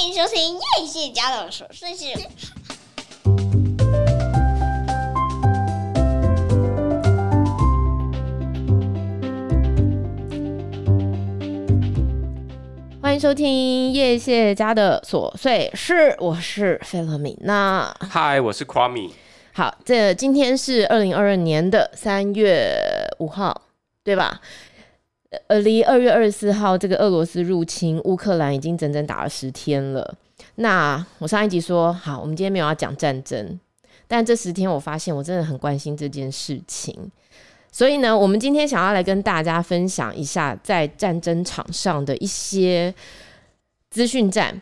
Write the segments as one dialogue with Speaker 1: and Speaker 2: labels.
Speaker 1: 歡
Speaker 2: 迎收聽葉謝家的瑣碎故事。歡迎收聽葉謝家的瑣碎事，我是菲勒米娜。那，
Speaker 1: 嗨，我是誇米。
Speaker 2: 好，這今天是二零二二年的三月五號，對吧？呃，離二月二十四號這個俄羅斯入侵烏克蘭已經整整打了十天了。那我上一集說好，我們今天沒有要講戰爭，但這十天我發現我真的很關心這件事情。所以呢，我們今天想要來跟大家分享一下在戰爭場上的一些資訊戰，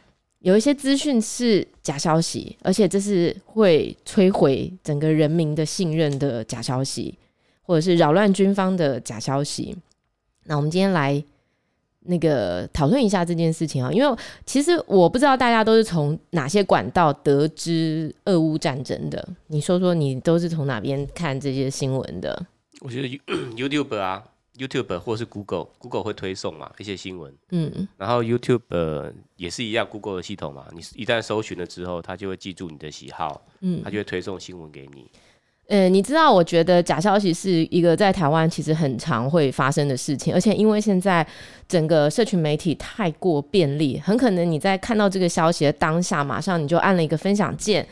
Speaker 2: 有一些資訊是假消息，而且這是會摧毀整個人民的信任的假消息，或者是擾亂軍方的假消息。那我們今天來那個討論一下這件事情啊，因為其實我不知道大家都是從哪些管道得知俄烏戰爭的，你說說你都是從哪邊看這些新聞的？
Speaker 1: 我覺得 YouTube 啊，YouTube 或是 Google，Google Google 會推送嘛，一些新聞，嗯，然後 YouTube 也是一樣，Google 的系統嘛，你一旦搜尋了之後，它就會記住你的喜好，嗯，它就會推送新聞給你。
Speaker 2: 嗯，你知道，我覺得假消息是一個在台灣其實很常會發生的事情，而且因為現在整個社群媒體太過便利，很可能你在看到這個消息的當下，馬上你就按了一個分享鍵，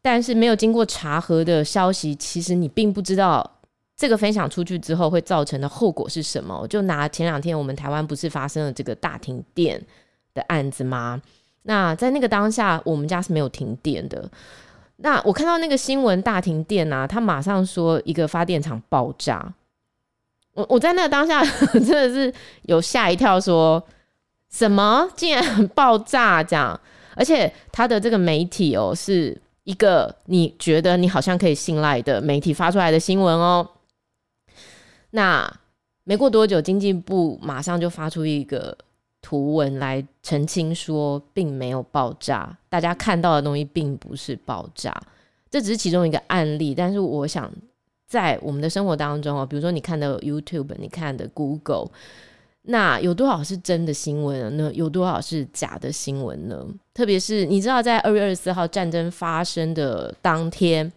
Speaker 2: 但是沒有經過查核的消息，其實你並不知道這個分享出去之後會造成的後果是什麼。我就拿前兩天我們台灣不是發生了這個大停電的案子嗎？那在那個當下，我們家是沒有停電的。那我看到那個新聞大停電啊，他馬上說一個發電廠爆炸，我我在那當下，呵呵，真的是有嚇一跳說，什麼竟然很爆炸這樣，而且他的這個媒體喔，是一個你覺得你好像可以信賴的媒體發出來的新聞喔，那沒過多久經濟部馬上就發出一個。圖文來澄清說，並沒有爆炸。大家看到的東西並不是爆炸，這只是其中一個案例。但是我想，在我們的生活當中哦、喔，比如說你看的 YouTube，你看的 Google，那有多少是真的新聞呢？那有多少是假的新聞呢？特別是你知道，在二月二十四號戰爭發生的當天，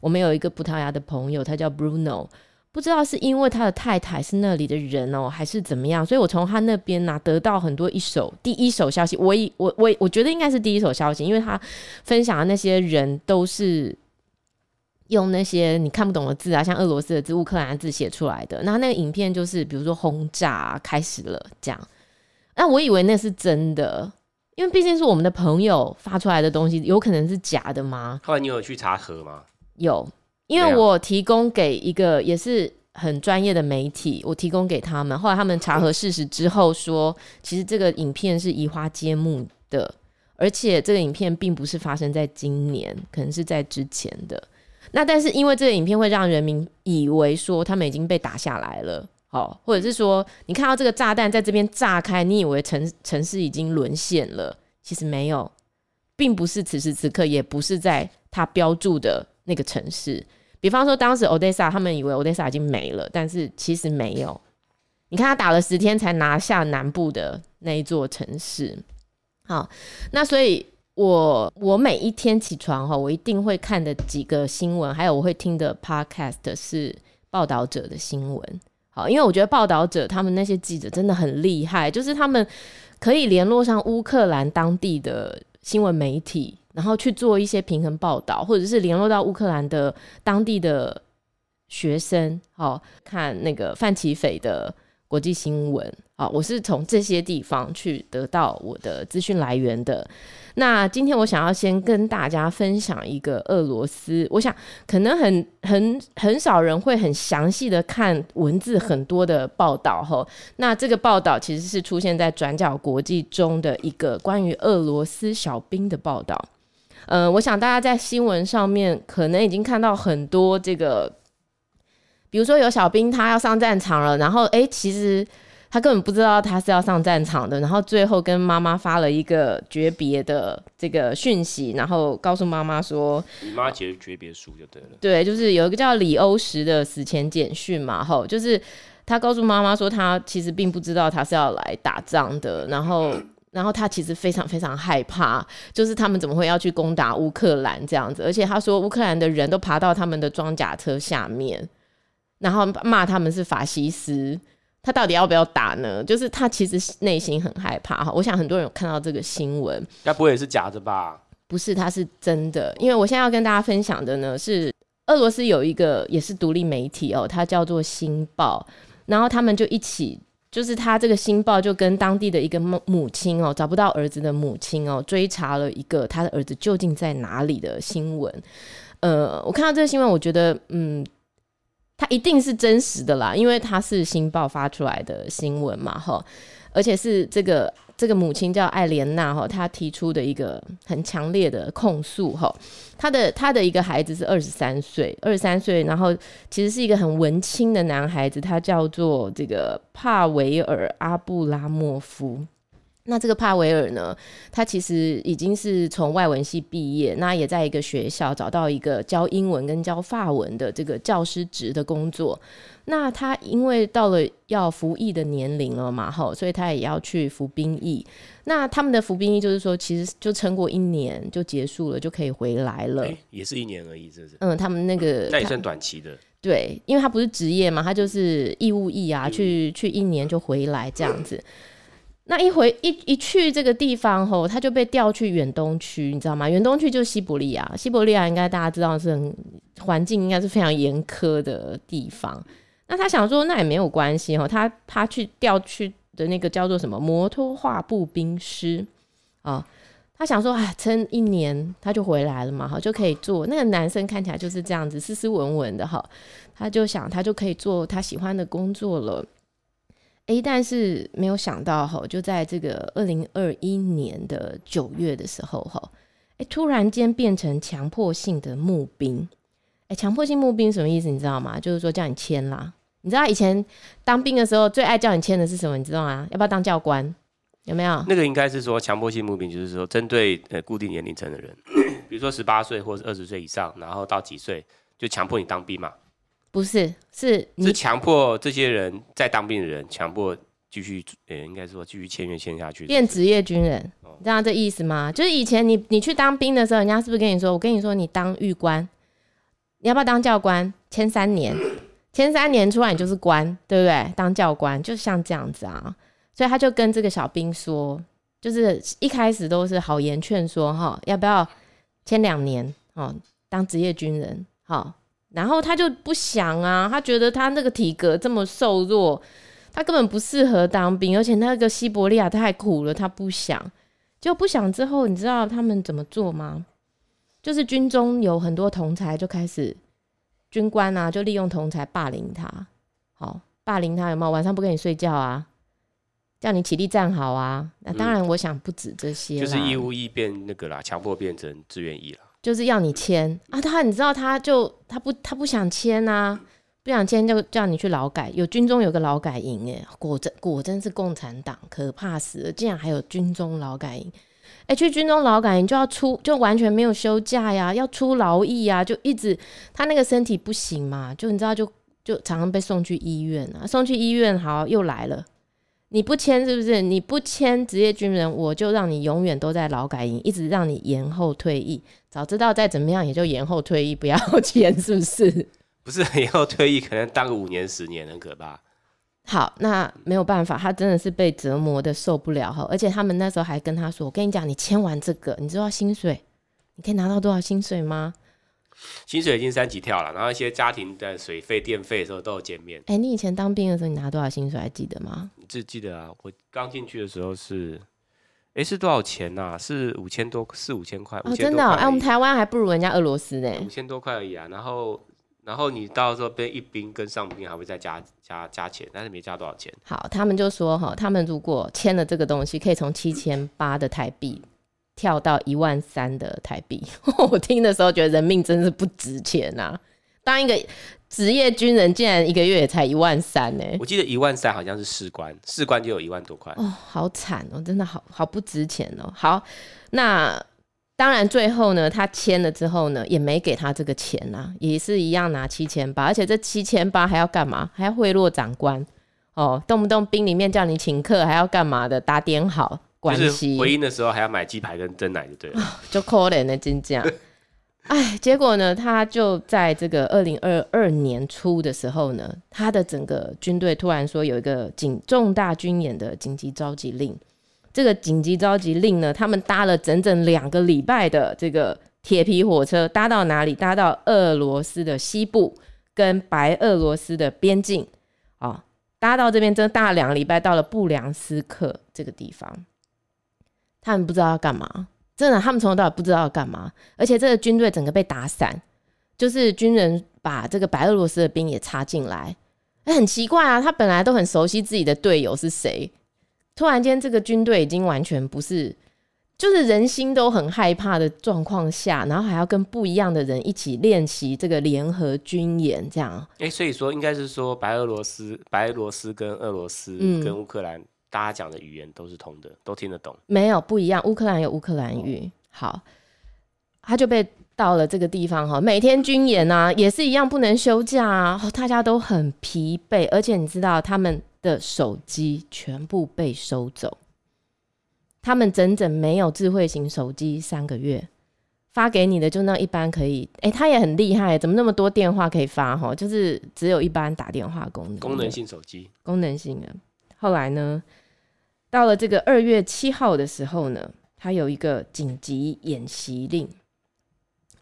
Speaker 2: 我們有一個葡萄牙的朋友，他叫 Bruno。不知道是因為他的太太是那裡的人哦、喔，還是怎麼樣？所以我從他那邊吶得到很多一手、第一手消息。我以我我我覺得應該是第一手消息，因為他分享的那些人都是用那些你看不懂的字啊，像俄羅斯的字、烏克蘭的字寫出來的。那那個影片，就是比如說轟炸、啊、開始了這樣。那我以為那是真的，因為畢竟是我們的朋友發出來的東西，有可能是假的嗎？
Speaker 1: 後來你有去查核嗎？
Speaker 2: 有。因為我提供給一個也是很專業的媒體，我提供給他們，後來他們查核事實之後說，其實這個影片是移花接木的，而且這個影片並不是發生在今年，可能是在之前的。那但是因為這個影片會讓人民以為說他們已經被打下來了，好、哦，或者是說你看到這個炸彈在這邊炸開，你以為城城市已經淪陷了，其實沒有，並不是此時此刻，也不是在他標注的那個城市。比方說，當時 Odessa 他們以為 Odessa 已經沒了，但是其實沒有。你看，他打了十天才拿下南部的那一座城市。好，那所以我我每一天起床後，我一定會看的幾個新聞，還有我會聽的 Podcast 是報道者的新聞。好，因為我覺得報道者他們那些記者真的很厲害，就是他們可以聯絡上烏克蘭當地的新聞媒體。然後去做一些平衡報道，或者是聯絡到烏克蘭的當地的學生，哦，看那個范琪斐的國際新聞哦，我是從這些地方去得到我的資訊來源的。那今天我想要先跟大家分享一個俄羅斯，我想可能很很很少人會很詳細的看文字很多的報道，哦，那這個報道其實是出現在《轉角國際》中的一個關於俄羅斯小兵的報道。嗯、呃，我想大家在新聞上面可能已經看到很多這個，比如說有小兵他要上戰場了，然後哎、欸，其實他根本不知道他是要上戰場的，然後最後跟媽媽發了一個訣別的這個訊息，然後告訴媽媽說：“
Speaker 1: 你媽寫訣別書就得了。
Speaker 2: 呃”對，就是有一個叫李歐石的死前簡訊嘛，吼，就是他告訴媽媽說他其實並不知道他是要來打仗的，然後。然後他其實非常非常害怕，就是他們怎麼會要去攻打烏克蘭這樣子？而且他說烏克蘭的人都爬到他們的裝甲車下面，然後罵他們是法西斯。他到底要不要打呢？就是他其實內心很害怕哈。我想很多人有看到這個新聞，該
Speaker 1: 不會也是假的吧？
Speaker 2: 不是，他是真的。因為我現在要跟大家分享的呢，是俄羅斯有一個也是獨立媒體哦，它叫做《新報》，然後他們就一起。就是他這個新報就跟當地的一個母親哦、喔，找不到兒子的母親哦、喔，追查了一個他的兒子究竟在哪裡的新聞。呃，我看到這個新聞，我覺得嗯，他一定是真實的啦，因為他是新報發出來的新聞嘛，哈，而且是這個。這個母親叫艾蓮娜，她提出的一個很強烈的控訴，她的她的一個孩子是二十三歲，二十三歲，然後其實是一個很文青的男孩子，他叫做這個帕維爾·阿布拉莫夫。那這個帕維爾呢？他其實已經是從外文系畢業，那也在一個學校找到一個教英文跟教法文的這個教師職的工作。那他因為到了要服役的年齡了嘛，吼，所以他也要去服兵役。那他們的服兵役，役就是說，其實就撐過一年就結束了，就可以回來了，
Speaker 1: 欸、也是一年而已是不是。嗯，他們那個那、嗯、也算短期的。
Speaker 2: 對，因為他不是職業嘛，他就是義務役啊，嗯、去去一年就回來這樣子。嗯那一回一一去這個地方吼，他就被調去遠東區，你知道嗎？遠東區就是西伯利亞，西伯利亞應該大家知道是很環境應該是非常嚴苛的地方。那他想說，那也沒有關係哦。他他去調去的那個叫做什麼摩托化步兵師啊，他想說啊，撐一年他就回來了嘛，好，就可以做，那個男生看起來就是這樣子斯斯文文的哈，他就想他就可以做他喜歡的工作了。哎，但是沒有想到哈，就在這個二零二一年的九月的時候哈，哎，突然間變成強迫性的募兵，哎，強迫性募兵什麼意思？你知道嗎？就是說叫你簽啦。你知道以前當兵的時候最愛叫你簽的是什麼？你知道嗎？要不要當教官？有沒有？那
Speaker 1: 個應該是說強迫性募兵，就是說針對呃固定年齡層的人，比如說十八歲或者二十歲以上，然後到幾歲就強迫你當兵嘛。
Speaker 2: 不是，是
Speaker 1: 你，是強迫這些人在當兵的人強迫繼續，呃、欸，應該說繼續簽約簽下去，變職業
Speaker 2: 軍人，哦，你知道這意思嗎？就是以前你你去當兵的時候，人家是不是跟你說？我跟你說，你當預官，你要不要當教官？簽三年，簽 三年出來你就是官，對不對？當教官就像這樣子啊。所以他就跟這個小兵說，就是一開始都是好言勸說，哈，要不要簽兩年？哦，當職業軍人，哈。然後他就不想啊，他覺得他那個體格這麼瘦弱，他根本不適合當兵，而且那個西伯利亞太苦了，他不想。就不想之後，你知道他們怎麼做嗎？就是軍中有很多同儕，就開始軍官啊，就利用同儕霸凌他，好霸凌他有沒有？晚上不跟你睡覺啊，叫你起立站好啊。那當然，我想不止這些，嗯，就是義務
Speaker 1: 役變那個啦，強迫變成志願役了。
Speaker 2: 就是要你簽啊，他你知道他就他不他不想簽啊，不想簽就叫你去勞改。有軍中有個勞改營哎，果真果真是共產黨，可怕死了！竟然還有軍中勞改營。哎，去軍中勞改營就要出，就完全沒有休假呀，要出勞役啊，就一直他那個身體不行嘛，就你知道就就常常被送去醫院啊，送去醫院好又來了。你不簽是不是？你不簽職業軍人，我就讓你永遠都在勞改營，一直讓你延後退役。早知道，再怎麼樣也就延後退役，不要簽，是不是？
Speaker 1: 不是延後退役，可能當個五年十年很可怕。
Speaker 2: 好，那沒有辦法，他真的是被折磨得受不了哈。而且他們那時候還跟他說：“我跟你講，你簽完這個，你知道薪水，你可以拿到多少薪水嗎？”
Speaker 1: 薪水已經三級跳了，然後一些家庭的水費、電費的時候都有減免。
Speaker 2: 哎、欸，你以前當兵的時候，你拿多少薪水還記得嗎？
Speaker 1: 你自己記得啊，我剛進去的時候是。哎、欸，是多少錢吶、啊？是五千多，四五千塊。哦，真的，哎、啊，我們
Speaker 2: 台灣還不如人家俄羅斯呢。
Speaker 1: 五千多塊而已啊，然後，然後你到時候變一兵跟上兵還會再加加加錢，但是沒加多少錢。
Speaker 2: 好，他們就說哈，他們如果簽了這個東西，可以從七千八的台幣跳到一萬三的台幣。 我聽的時候覺得人命真的是不值錢啊，當一個。職業軍人竟然一個月也才一萬三呢？我
Speaker 1: 記得一萬三好像是士官，士官就有一萬多塊。哦，
Speaker 2: 好慘哦，真的好好不值錢哦。好，那當然最後呢，他簽了之後呢，也沒給他這個錢啊，也是一樣拿七千八，而且這七千八還要幹嘛？還要賄賂長官哦，動不動兵裡面叫你請客，還要幹嘛的？打點好關係，就
Speaker 1: 是、回應的時候還要買雞排跟珍奶就對了，
Speaker 2: 就、哦、可憐呢，真的。 哎，結果呢？他就在這個二零二二年初的時候呢，他的整個軍隊突然說有一個緊重大軍演的緊急召集令。這個緊急召集令呢，他們搭了整整兩個禮拜的這個鐵皮火車，搭到哪裡？搭到俄羅斯的西部跟白俄羅斯的邊境啊、哦，搭到這邊，真的搭了兩個禮拜到了布良斯克這個地方，他們不知道要幹嘛。真的，他們從頭到尾不知道要幹嘛，而且這個軍隊整個被打散，就是軍人把這個白俄羅斯的兵也插進來，哎、欸，很奇怪啊！他本來都很熟悉自己的隊友是誰，突然間這個軍隊已經完全不是，就是人心都很害怕的狀況下，然後還要跟不一樣的人一起練習這個聯合軍演，這樣。
Speaker 1: 哎、欸，所以說應該是說白俄羅斯、白俄羅斯跟俄羅斯跟、跟烏克蘭。大家講的語言都是通的，都聽得懂。
Speaker 2: 沒有不一樣，烏克蘭有烏克蘭語、哦。好，他就被到了這個地方哈，每天軍演啊，也是一樣不能休假啊，哦、大家都很疲憊。而且你知道，他們的手機全部被收走，他們整整沒有智慧型手機三個月。發給你的就那一般可以，哎、欸，他也很厲害，怎麼那麼多電話可以發？就是只有一般打電話功能。功能性手機，功能性的、啊。後來呢？到了這個二月七號的時候呢，他有一個緊急演習令。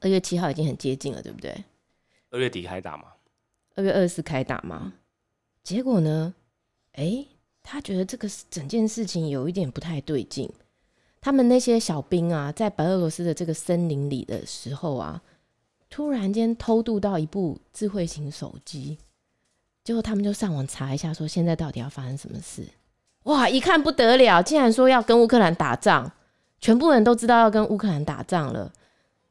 Speaker 2: 二月七號已經很接近了，對不對？
Speaker 1: 二月底開打嗎？
Speaker 2: 二月二十四開打嗎、嗯？結果呢？哎、欸，他覺得這個整件事情有一點不太對勁。他們那些小兵啊，在白俄羅斯的這個森林裡的時候啊，突然間偷渡到一部智慧型手機，結果他們就上網查一下，說現在到底要發生什麼事。哇！一看不得了，竟然說要跟烏克蘭打仗，全部人都知道要跟烏克蘭打仗了。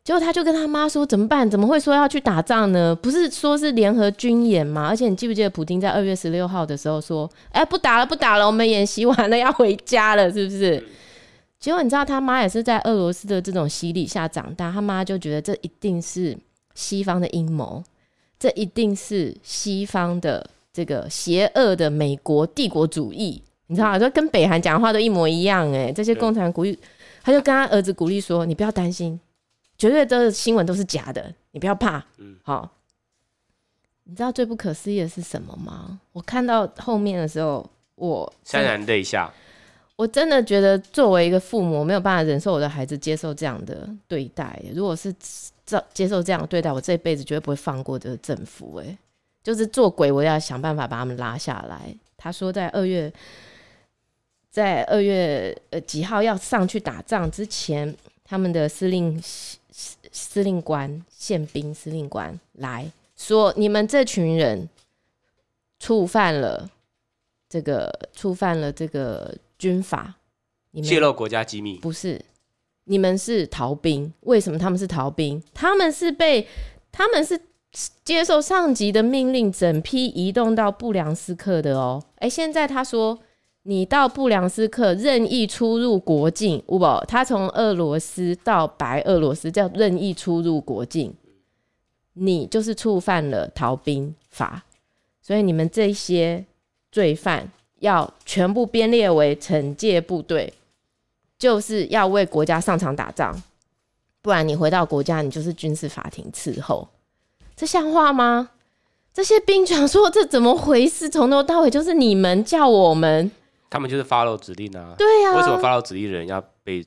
Speaker 2: 結果他就跟他媽說：“怎麼辦？怎麼會說要去打仗呢？不是說是聯合軍演嗎？而且你記不記得普丁在二月十六號的時候說：‘哎、欸，不打了，不打了，我們演習完了要回家了，是不是？’結果你知道他媽也是在俄羅斯的這種洗禮下長大，他媽就覺得這一定是西方的陰謀，這一定是西方的這個邪惡的美國帝國主義。”你知道，就跟北韓講話都一模一樣哎。這些共產鼓勵，他就跟他兒子鼓勵說：“你不要擔心，絕對的新聞都是假的，你不要怕。”嗯，好。你知道最不可思議的是什麼嗎？我看到後面的時候，我潸然淚下。我真的覺得作為一個父母，我沒有辦法忍受我的孩子接受這樣的對待。如果是這接受這樣的對待，我這一輩子絕對不會放過這個政府。哎，就是做鬼，我要想辦法把他們拉下來。他說在二月。在二月呃幾號要上去打仗之前，他們的司令司司令官，憲兵司令官來說：“你們這群人觸犯了這個，觸犯了這個軍法，
Speaker 1: 洩露國家機密，不
Speaker 2: 是？你們是逃兵？為什麼他們是逃兵？他們是被他們是接受上級的命令，整批移動到布良斯克的哦，喔。哎，欸，現在他說。”你到布良斯克任意出入國境，唔，他從俄羅斯到白俄羅斯叫任意出入國境，你就是觸犯了逃兵法，所以你們這些罪犯要全部編列為懲戒部隊，就是要為國家上場打仗，不然你回到國家，你就是軍事法庭伺候，這像話嗎？這些兵長說，這怎麼回事？從頭到尾就是你們叫我們。
Speaker 1: 他們就是 follow 指令啊，對呀、啊。為什麼 follow 指令人要被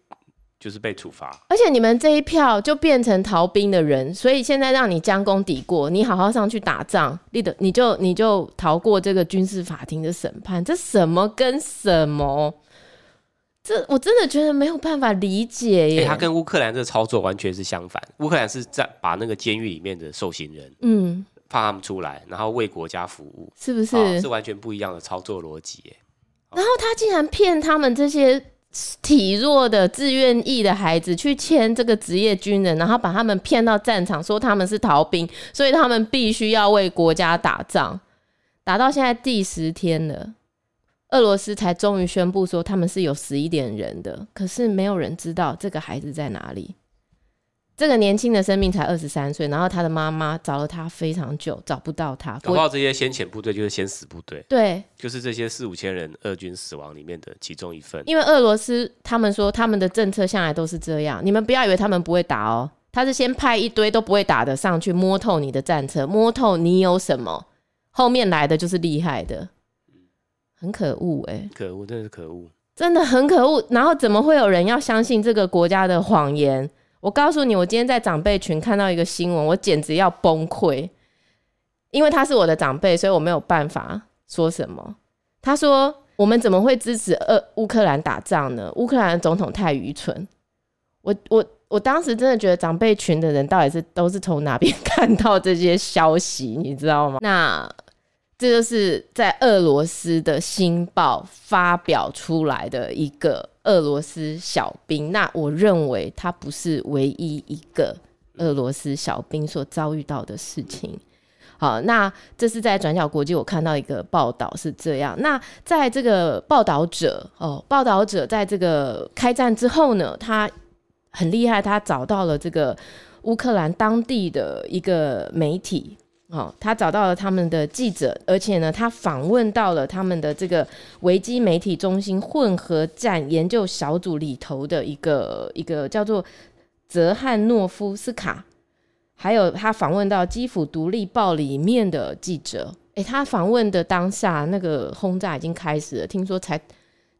Speaker 1: 就是被處罰？
Speaker 2: 而且你們這一票就變成逃兵的人，所以現在讓你將功抵過，你好好上去打仗立的，你就你就逃過這個軍事法庭的審判。這什麼跟什麼？這我真的覺得沒有辦法理解耶。欸、他跟
Speaker 1: 烏克蘭這個操作完全是相反，烏克蘭是在把那個監獄裡面的受刑人，嗯，放他們出來，然後為國家服務，是不是？哦、是完全不一樣的操作邏輯耶。
Speaker 2: 然後他竟然騙他們這些體弱的、自願役的孩子去簽這個職業軍人，然後把他們騙到戰場，說他們是逃兵，所以他們必須要為國家打仗。打到現在第十天了，俄羅斯才終於宣布說他們是有十一點人的，可是沒有人知道這個孩子在哪裡。這個年輕的生命才二十三歲，然後他的媽媽找了他非常久，找不到他。搞不好
Speaker 1: 這些先遣部隊，就是先死部隊。對，就是這些四五千人，俄軍死亡裡面的其中一份。因為俄
Speaker 2: 羅斯他們說他們的政策向來都是這樣，你們不要以為他們不會打哦，他是先派一堆都不會打的上去摸透你的戰車，摸透你有什麼，後面來的就是厲害的。嗯，很可惡哎、欸，可惡，真的是可惡，真的很可惡。然後怎麼會有人要相信這個國家的謊言？我告訴你，我今天在長輩群看到一個新聞，我簡直要崩潰，因為他是我的長輩，所以我沒有辦法說什麼。他說：“我們怎麼會支持呃烏克蘭打仗呢？烏克蘭總統太愚蠢。”我我我當時真的覺得長輩群的人到底是都是從哪邊看到這些消息，你知道嗎？那。這就是在俄羅斯的新報發表出來的一個俄羅斯小兵，那我認為他不是唯一一個俄羅斯小兵所遭遇到的事情。好，那這是在轉角國際我看到一個報道是這樣。那在這個報道者哦，報道者在這個開戰之後呢，他很厲害，他找到了這個烏克蘭當地的一個媒體。哦，他找到了他們的記者，而且呢，他訪問到了他們的這個危機媒體中心混合戰研究小組裡頭的一個一個叫做澤漢諾夫斯卡，還有他訪問到基輔獨立報裡面的記者。誒，他訪問的當下，那個轟炸已經開始了，聽說才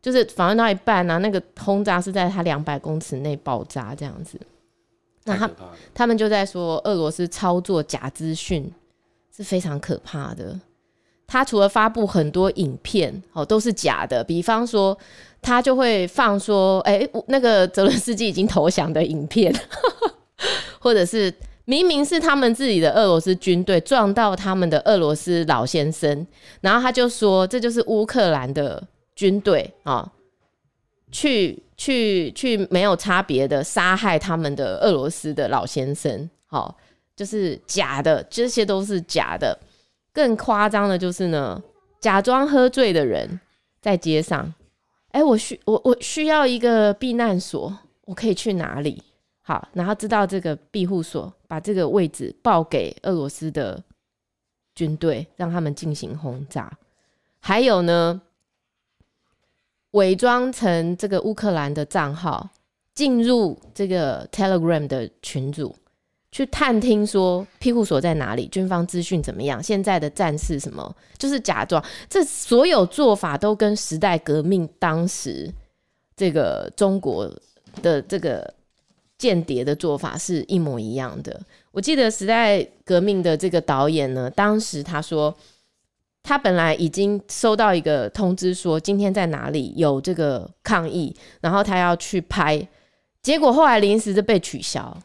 Speaker 2: 就是訪問到一半呢、啊，那個轟炸是在他兩百公尺內爆炸這樣子。
Speaker 1: 那他
Speaker 2: 他們就在說俄羅斯操作假資訊。是非常可怕的。他除了發布很多影片，哦，都是假的。比方說，他就會放說：“誒、欸，那個澤倫斯基已經投降的影片。 ”或者是明明是他們自己的俄羅斯軍隊撞到他們的俄羅斯老先生，然後他就說：“這就是烏克蘭的軍隊啊、哦，去去去，去沒有差別的殺害他們的俄羅斯的老先生。”哦。就是假的，這些都是假的。更誇張的就是呢，假裝喝醉的人在街上，哎、欸，我需我我需要一個避難所，我可以去哪裡？好，然後知道這個庇護所，把這個位置報給俄羅斯的軍隊，讓他們進行轟炸。還有呢，偽裝成這個烏克蘭的賬號，進入這個 Telegram 的群組。去探聽說庇護所在哪裡，軍方資訊怎麼樣？現在的戰事什麼？就是假裝，這所有做法都跟時代革命當時這個中國的這個間諜的做法是一模一樣的。我記得時代革命的這個導演呢，當時他說他本來已經收到一個通知說，今天在哪裡有這個抗議，然後他要去拍，結果後來臨時就被取消。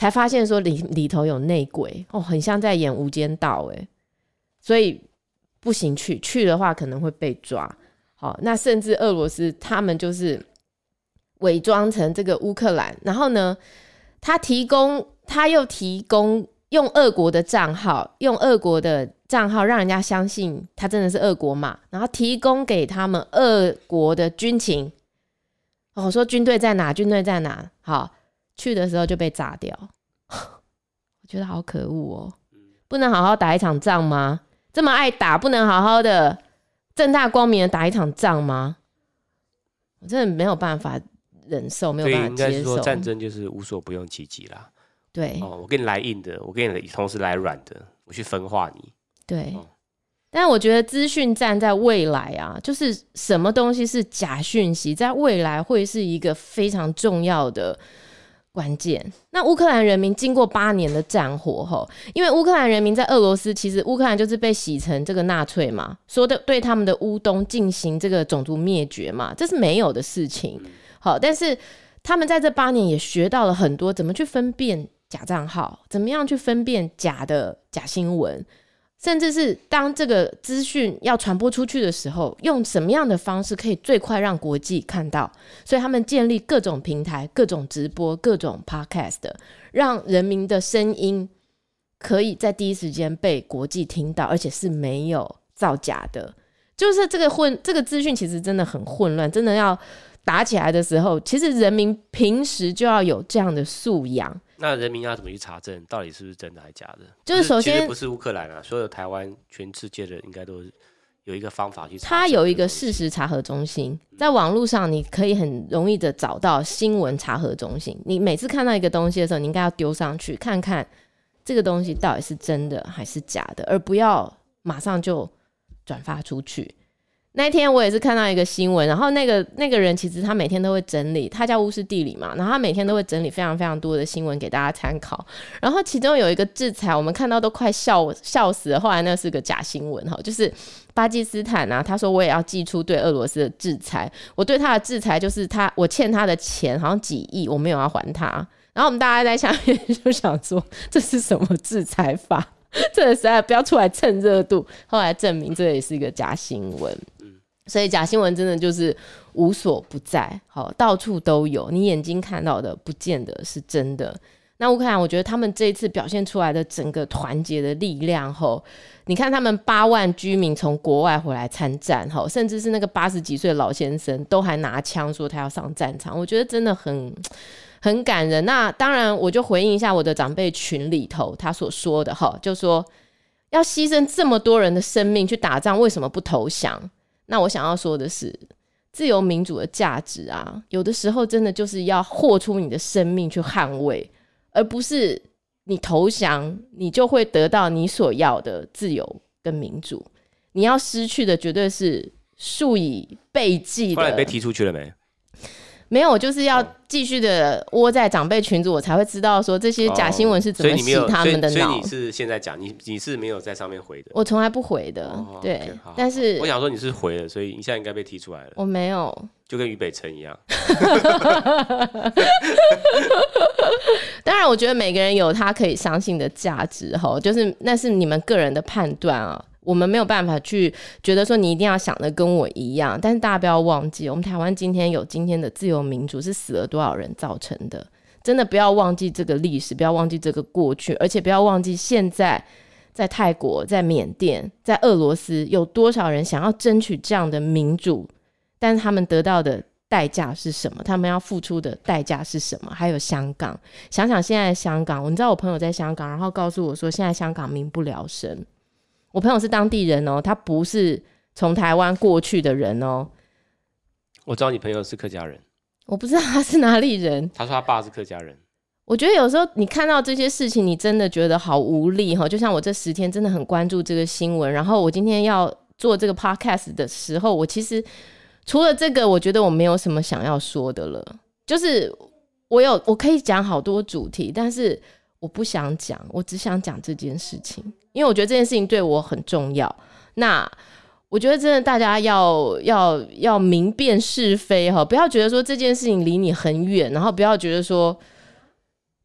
Speaker 2: 才發現說裡裡頭有內鬼哦，很像在演《無間道》哎，所以不行去去的話可能會被抓。好，那甚至俄羅斯他們就是偽裝成這個烏克蘭，然後呢，他提供他又提供用俄國的賬號，用俄國的賬號讓人家相信他真的是俄國嘛，然後提供給他們俄國的軍情。哦，我說軍隊在哪？軍隊在哪？好。去的時候就被炸掉， 我覺得好可惡哦、喔！不能好好打一場仗嗎？這麼愛打，不能好好的正大光明的打一場仗嗎？我真的沒有辦法忍受，沒有辦法接受是說戰
Speaker 1: 爭就是無所不用其極啦。對、哦、我給你來硬的，我給你同時來軟的，我去分化你。
Speaker 2: 對，嗯、但我覺得資訊戰在未來啊，就是什麼東西是假訊息，在未來會是一個非常重要的。關鍵，那烏克蘭人民經過八年的戰火後，因為烏克蘭人民在俄羅斯，其實烏克蘭就是被洗成這個納粹嘛，說的對他們的烏東進行這個種族滅絕嘛，這是沒有的事情。好，但是他們在這八年也學到了很多，怎麼去分辨假賬號，怎麼樣去分辨假的假新聞。甚至是當這個資訊要傳播出去的時候，用什麼樣的方式可以最快讓國際看到？所以他們建立各種平台、各種直播、各種 podcast，讓人民的聲音可以在第一時間被國際聽到，而且是沒有造假的。就是這個混，這個資訊其實真的很混亂，真的要打起來的時候，其實人民平時就要有這樣的素養。
Speaker 1: 那人民要怎麼去查證，到底是不是真的還是假的？就是首先不是烏克蘭啊，所有台灣、全世界的人應該都有一個方法去查證。它有一
Speaker 2: 個事實查核中心，在網絡上你可以很容易的找到新聞查核中心。嗯。你每次看到一個東西的時候，你應該要丟上去看看這個東西到底是真的還是假的，而不要馬上就轉發出去。那天我也是看到一個新聞，然後那個那個人其實他每天都會整理，他叫烏斯地里嘛，然後他每天都會整理非常非常多的新聞給大家參考。然後其中有一個制裁，我們看到都快笑笑死了。後來那是個假新聞哈，就是巴基斯坦啊，他說我也要祭出對俄羅斯的制裁，我對他的制裁就是他我欠他的錢好像幾億，我沒有要還他。然後我們大家在下面就想說，這是什麼制裁法？這實在不要出來蹭熱度。後來證明這也是一個假新聞。所以假新聞真的就是無所不在，好，到處都有。你眼睛看到的不見得是真的。那烏克蘭，我覺得他們這一次表現出來的整個團結的力量，吼，你看他們八萬居民從國外回來參戰，吼，甚至是那個八十幾歲老先生都還拿槍說他要上戰場，我覺得真的很很感人。那當然，我就回應一下我的長輩群裡頭他所說的，吼，就說要犧牲這麼多人的生命去打仗，為什麼不投降？那我想要說的是，自由民主的價值啊，有的時候真的就是要豁出你的生命去捍衛，而不是你投降，你就會得到你所要的自由跟民主。你要失去的絕對是數以倍計的。後來被踢出去了沒？沒有，我就是要繼續的窩在長輩群組、嗯，我才會知道說這些假新聞是怎麼洗他們的腦、哦、所以、所以、所以你
Speaker 1: 是現在講，你你是沒有在上面回的，
Speaker 2: 我從來不回的，哦、對、哦 okay, 好好。但是我
Speaker 1: 想說你是回了，所以你現在應該被踢出來了。我沒有，就跟於北辰一樣。
Speaker 2: 當然，我覺得每個人有他可以相信的價值哈，就是那是你們個人的判斷啊。我們沒有辦法去覺得說你一定要想的跟我一樣，但是大家不要忘記，我們台灣今天有今天的自由民主是死了多少人造成的？真的不要忘記這個歷史，不要忘記這個過去，而且不要忘記現在在泰國、在緬甸、在俄羅斯，有多少人想要爭取這樣的民主，但是他們得到的代價是什麼？他們要付出的代價是什麼？還有香港，想想現在香港，你知道我朋友在香港，然後告訴我說現在香港民不聊生。我朋友是當地人哦，他不是從台灣過去的人哦。
Speaker 1: 我知道你朋友是客家人，
Speaker 2: 我不知道他是哪裡人。
Speaker 1: 他說他爸是客家人。
Speaker 2: 我覺得有時候你看到這些事情，你真的覺得好無力哈。就像我這十天真的很關注這個新聞，然後我今天要做這個 podcast 的時候，我其實除了這個，我覺得我沒有什麼想要說的了。就是我有我可以講好多主題，但是我不想講，我只想講這件事情。因為我覺得這件事情對我很重要。那我覺得真的，大家要要要明辨是非哈，不要覺得說這件事情離你很遠，然後不要覺得說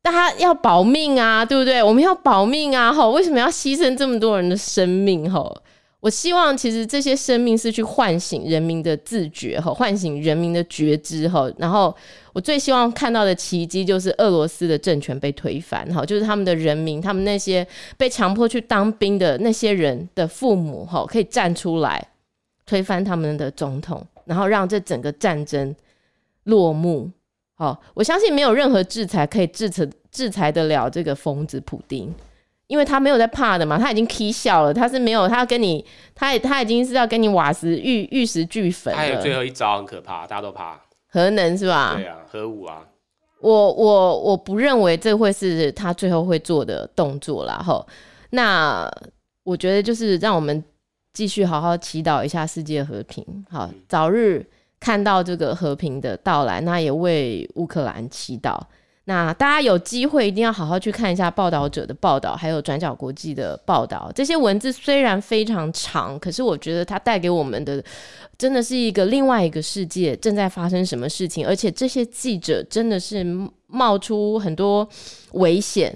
Speaker 2: 大家要保命啊，對不對？我們要保命啊，哈，為什麼要犧牲這麼多人的生命吼？哈。我希望，其實這些生命是去喚醒人民的自覺和喚醒人民的覺知哈。然後，我最希望看到的奇蹟就是俄羅斯的政權被推翻哈，就是他們的人民，他們那些被強迫去當兵的那些人的父母可以站出來推翻他們的總統，然後讓這整個戰爭落幕。我相信沒有任何制裁可以制裁，制裁得了這個瘋子普丁。因為他沒有在怕的嘛，他已經起笑了，他是沒有，他要跟你，他也他已經是要跟你瓦石玉玉石俱焚。他有最後一
Speaker 1: 招很可怕，大家都怕。核能是吧？對啊，核武啊。
Speaker 2: 我我我不認為這會是他最後會做的動作了吼，那我覺得就是讓我們繼續好好祈禱一下世界和平，好早日看到這個和平的到來。那也為烏克蘭祈禱。那大家有機會一定要好好去看一下《報道者》的報道，還有《轉角國際》的報道。這些文字雖然非常長，可是我覺得它帶給我們的真的是一個另外一個世界正在發生什麼事情。而且這些記者真的是冒出很多危險，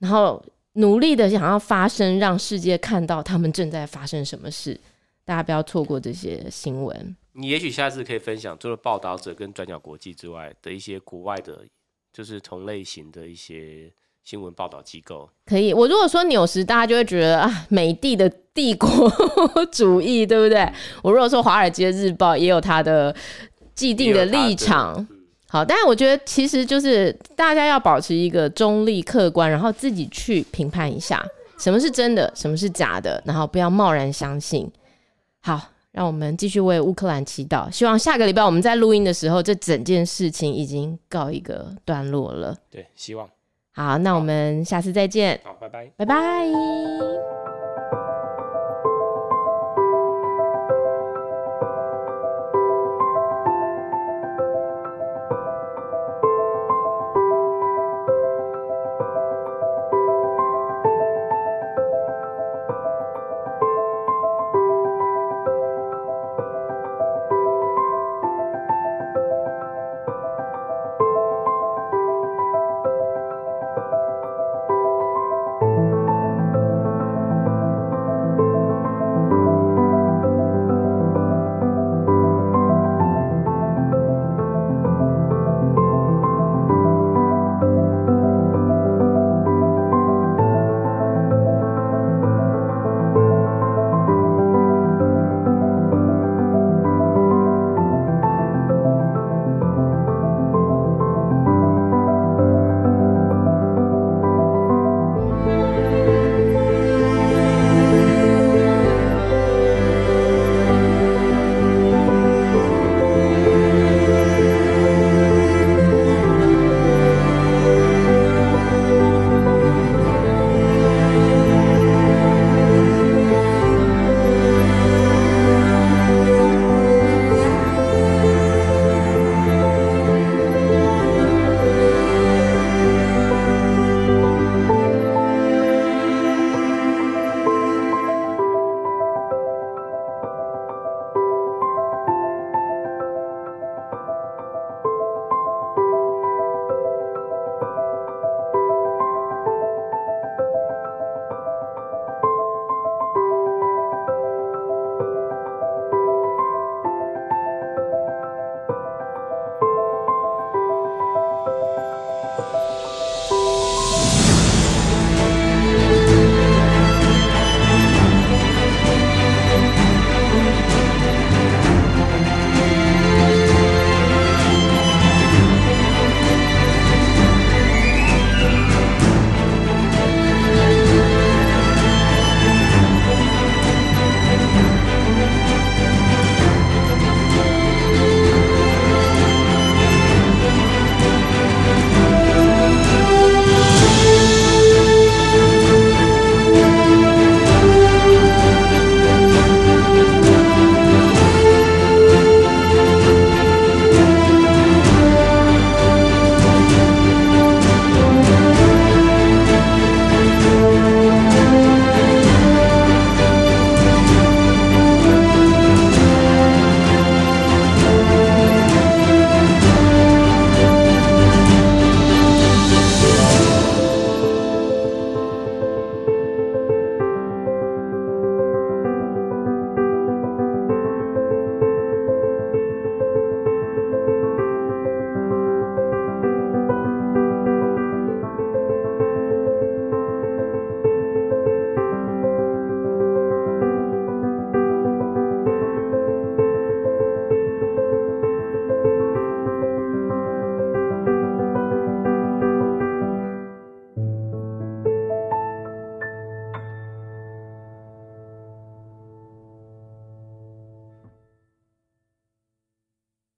Speaker 2: 然後努力的想要發聲，讓世界看到他們正在發生什麼事。大家不要錯過這些新聞。
Speaker 1: 你也許下次可以分享，除了《報道者》跟《轉角國際》之外的一些國外的。就是同類型的一些新聞報道機構，
Speaker 2: 可以。我如果說紐時，大家就會覺得啊，美帝的帝國 主義，對不對？我如果說華爾街日報，也有它的既定的立場。好，但是我覺得其實就是大家要保持一個中立、客觀，然後自己去評判一下什麼是真的，什麼是假的，然後不要貿然相信。好。讓我們繼續為烏克蘭祈禱，希望下個禮拜我們在錄音的時候，這整件事情已經告一個段落了。對，希望。好，那我們下次再見。好，拜拜，拜拜。Bye bye。